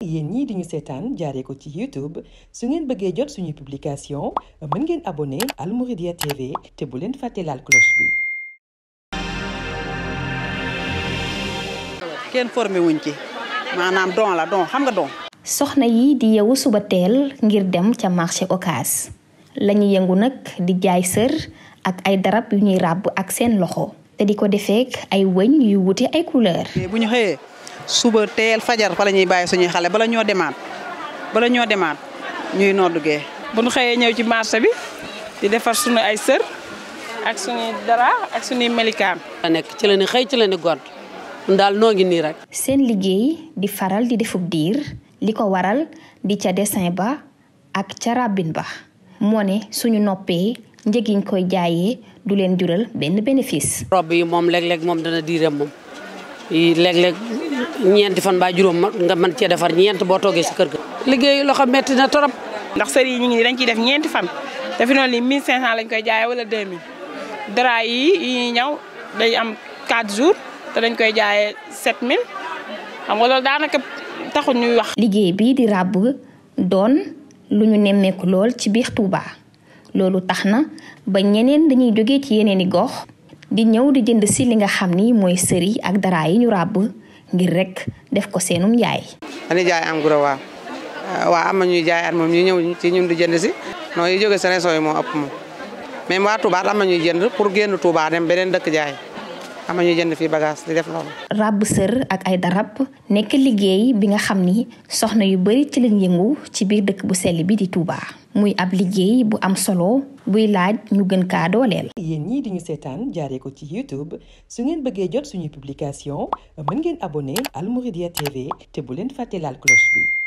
yéen ñii diñu seetaan jaaree ko ci YouTube su ngeen bëggee jot suñuy publication mën ngeen abonné Al Mouridiyyah TV te bu leen fàtte laal cloche bi wuñ ci maanaam don la soxna yi di yeewu suba teel ngir dem ca marché Ocass lañu yëngu nag di jaay sër ak ay darab yu ñuy ràbb ak seen loxo te di ko defeek ay wëñ yu wute ay couleur suba teel fajar fa la ñuy bàyyi suñuy xale bala ñoo demaan bala ñoo demaat ñuy noddu gee. bu ñu xëyee ñëw ci marché bi di defar suñu ay sër ak suñuy dara ak suñuy melikaan. la nekk ci la ni xëy ci daal noo nii rek. seen liggéey di faral di defub diir li ko waral di ca dessin ba ak ca ràbbin ba moo ne suñu noppee njëg yiñ koy jaayee du leen jural benn bénéfice. rob yi moom léeg-léeg moom dana diiram moom léeg-léeg ñeenti fan baa juróom nga mën cee defar ñeent boo toogee si kër ga. liggéeyu loxo metti na trop ndax sër yi ñu ngi dañ ciy def ñeenti fan te fi noonu nii 1500 lañ koy jaayee wala 2000 dara yi ñaw day am 4 jours dañ koy jaayee 7000 xam nga loolu daanaka taxul ñuy wax. liggéey bii di ràbb doon lu ñu nemmeeku lool ci biir Touba loolu tax na ba ñeneen dañuy jóge ci yeneen i gox. di ñëw di jënd si li nga xam ni mooy sër yi ak dara yi ñu ràbb. ngir rek def ko seenum njaay. dañuy jaay am guro waaw waaw am na ñuy jaayaat moom ñu ñëw ci ñun di jënd si non yi jóge sa région yi moo ëpp moom même waa Touba am na ñuy jënd pour génn Touba dem beneen dëkk jaay. am na ñuy jënd fii bagage di def loolu. ràbb sër ak ay darab nekk liggéey bi nga xam ni soxna yu bari ci lañ yëngu ci biir dëkk bu sell bi di Touba. muy ab liggéey bu am solo buy laaj ñu gën kaa dooleel. yéen ñii di ñu seetaan jaaree ko ci YouTube su ngeen bëggee jot suñuy publication mën ngeen abonné Al Mouridiyyah TV te bu leen fàtte laal cloche bi.